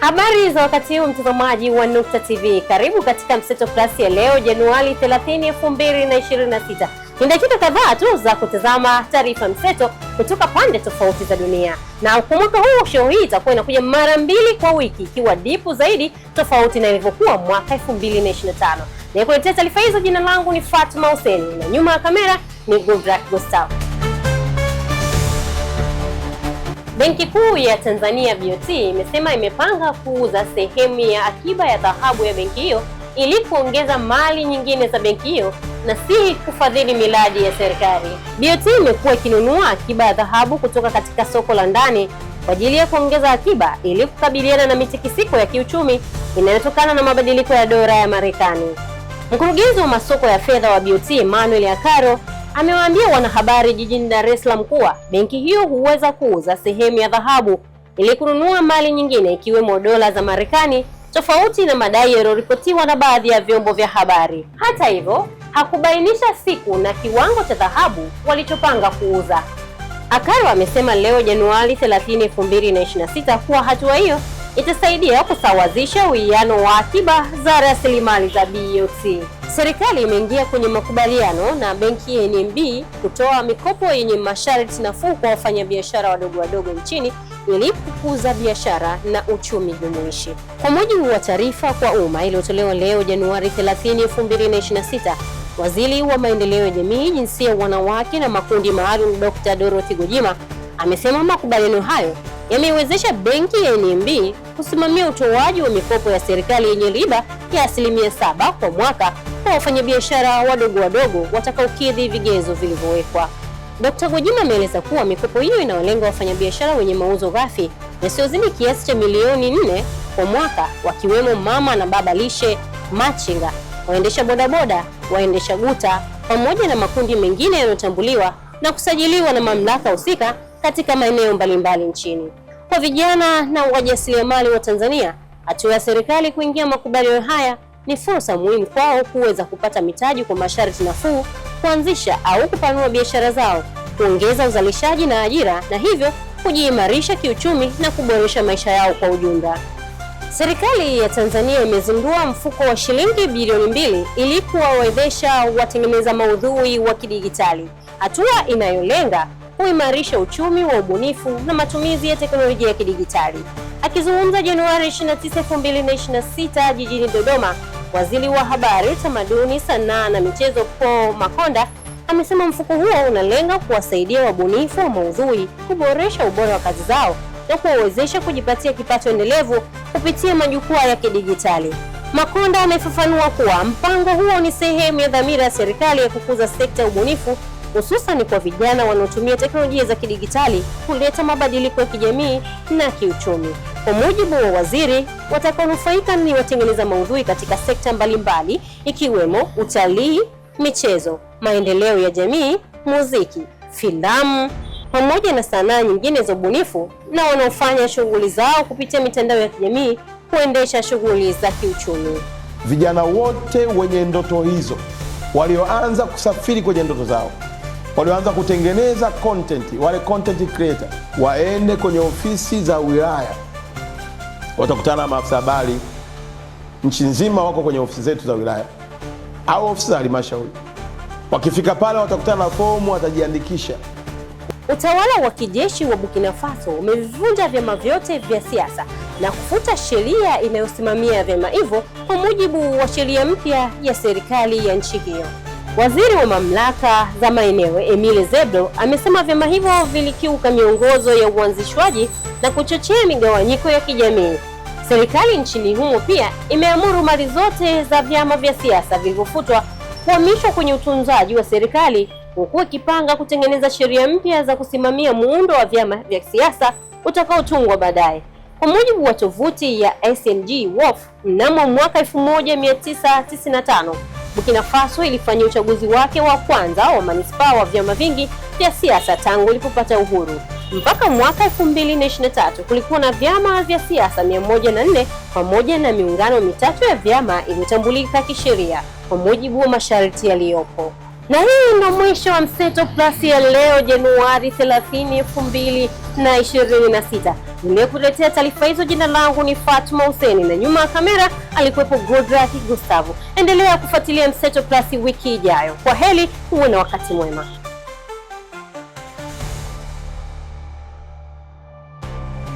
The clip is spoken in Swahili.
Habari za wakati huu mtazamaji wa Nukta TV, karibu katika Mseto Plus ya leo Januari 30, 2026. Ni dakika kadhaa tu za kutazama taarifa mseto kutoka pande tofauti za dunia, na kwa mwaka huu show hii itakuwa inakuja mara mbili kwa wiki, ikiwa dipu zaidi tofauti na ilivyokuwa mwaka 2025. Nikuletea taarifa hizo, jina langu ni Fatma Hussein na nyuma ya kamera ni Gudrak Gustav. Benki Kuu ya Tanzania BoT imesema imepanga kuuza sehemu ya akiba ya dhahabu ya benki hiyo ili kuongeza mali nyingine za benki hiyo na si kufadhili miradi ya serikali. BoT imekuwa ikinunua akiba ya dhahabu kutoka katika soko la ndani kwa ajili ya kuongeza akiba ili kukabiliana na mitikisiko ya kiuchumi inayotokana na mabadiliko ya dola ya Marekani. Mkurugenzi wa masoko ya fedha wa BoT Emmanuel Akaro amewaambia wanahabari jijini Dar es Salaam kuwa benki hiyo huweza kuuza sehemu ya dhahabu ili kununua mali nyingine ikiwemo dola za Marekani, tofauti na madai yaliyoripotiwa na baadhi ya vyombo vya habari. Hata hivyo, hakubainisha siku na kiwango cha dhahabu walichopanga kuuza. Akaro amesema leo Januari 30, 2026 kuwa hatua hiyo itasaidia kusawazisha uwiano wa akiba za rasilimali za BOT. Serikali imeingia kwenye makubaliano na benki ya NMB kutoa mikopo yenye masharti nafuu kwa wafanyabiashara wadogo wadogo nchini ili kukuza biashara na uchumi jumuishi. Kwa mujibu wa taarifa kwa umma iliyotolewa leo Januari 30, 2026, Waziri wa Maendeleo ya Jamii, Jinsia, Wanawake na Makundi Maalum, Dr. Dorothy gojima amesema makubaliano hayo yameiwezesha benki ya NMB kusimamia utoaji wa mikopo ya serikali yenye riba ya asilimia saba kwa mwaka kwa wafanyabiashara wadogo wadogo watakaokidhi vigezo vilivyowekwa. Dkt. Gwajima ameeleza kuwa mikopo hiyo inawalenga wafanyabiashara wenye mauzo ghafi yasiyozidi kiasi cha milioni nne kwa mwaka wakiwemo mama na baba lishe, machinga, waendesha bodaboda, waendesha guta pamoja na makundi mengine yanayotambuliwa na kusajiliwa na mamlaka husika katika maeneo mbalimbali nchini. Kwa vijana na wajasiriamali wa Tanzania Hatua ya serikali kuingia makubaliano haya ni fursa muhimu kwao kuweza kupata mitaji kwa masharti nafuu, kuanzisha au kupanua biashara zao, kuongeza uzalishaji na ajira, na hivyo kujiimarisha kiuchumi na kuboresha maisha yao kwa ujumla. Serikali ya Tanzania imezindua mfuko wa shilingi bilioni mbili ili kuwawezesha watengeneza maudhui wa kidigitali, hatua inayolenga kuimarisha uchumi wa ubunifu na matumizi ya teknolojia ya kidigitali. Akizungumza Januari 29, 2026 jijini Dodoma, waziri wa habari, utamaduni, sanaa na michezo Paul Makonda amesema mfuko huo unalenga kuwasaidia wabunifu wa maudhui kuboresha ubora wa kazi zao na kuwawezesha kujipatia kipato endelevu kupitia majukwaa ya kidijitali. Makonda amefafanua kuwa mpango huo ni sehemu ya dhamira ya serikali ya kukuza sekta ya ubunifu hususan kwa vijana wanaotumia teknolojia za kidigitali kuleta mabadiliko ya kijamii na kiuchumi. Kwa mujibu wa waziri, watakaonufaika ni watengeneza maudhui katika sekta mbalimbali ikiwemo utalii, michezo, maendeleo ya jamii, muziki, filamu pamoja na sanaa nyingine za ubunifu na wanaofanya shughuli zao kupitia mitandao ya kijamii kuendesha shughuli za kiuchumi. Vijana wote wenye ndoto hizo walioanza kusafiri kwenye ndoto zao walioanza kutengeneza content, wale content creator waende kwenye ofisi za wilaya, watakutana na maafisa habari nchi nzima, wako kwenye ofisi zetu za wilaya au ofisi za halmashauri. Wakifika pale, watakutana na fomu, watajiandikisha. Utawala wa kijeshi wa Burkina Faso umevivunja vyama vyote vya siasa na kufuta sheria inayosimamia vyama hivyo kwa mujibu wa sheria mpya ya serikali ya nchi hiyo. Waziri wa mamlaka za maeneo Emile Zebro amesema vyama hivyo vilikiuka miongozo ya uanzishwaji na kuchochea migawanyiko ya kijamii. Serikali nchini humo pia imeamuru mali zote za vyama vya siasa vilivyofutwa kuhamishwa kwenye utunzaji wa serikali huku ikipanga kutengeneza sheria mpya za kusimamia muundo wa vyama vya siasa utakaotungwa baadaye. Kwa mujibu wa tovuti ya sng Wolf mnamo mwaka 1995 Burkina Faso ilifanyia uchaguzi wake wa kwanza wa manispaa wa vyama vingi vya siasa tangu ilipopata uhuru. Mpaka mwaka 2023 kulikuwa na vyama vya siasa 104 pamoja na miungano mitatu ya vyama iliyotambulika kisheria kwa mujibu wa masharti yaliyopo. Na hii ndo mwisho wa Mseto Plus ya leo Januari 30, 2026. Nimekuletea taarifa hizo, jina langu ni Fatuma Huseni na nyuma ya kamera alikuwepo Godra Gustavo. Endelea kufuatilia Mseto Plus wiki ijayo. Kwa heri, uwe na wakati mwema.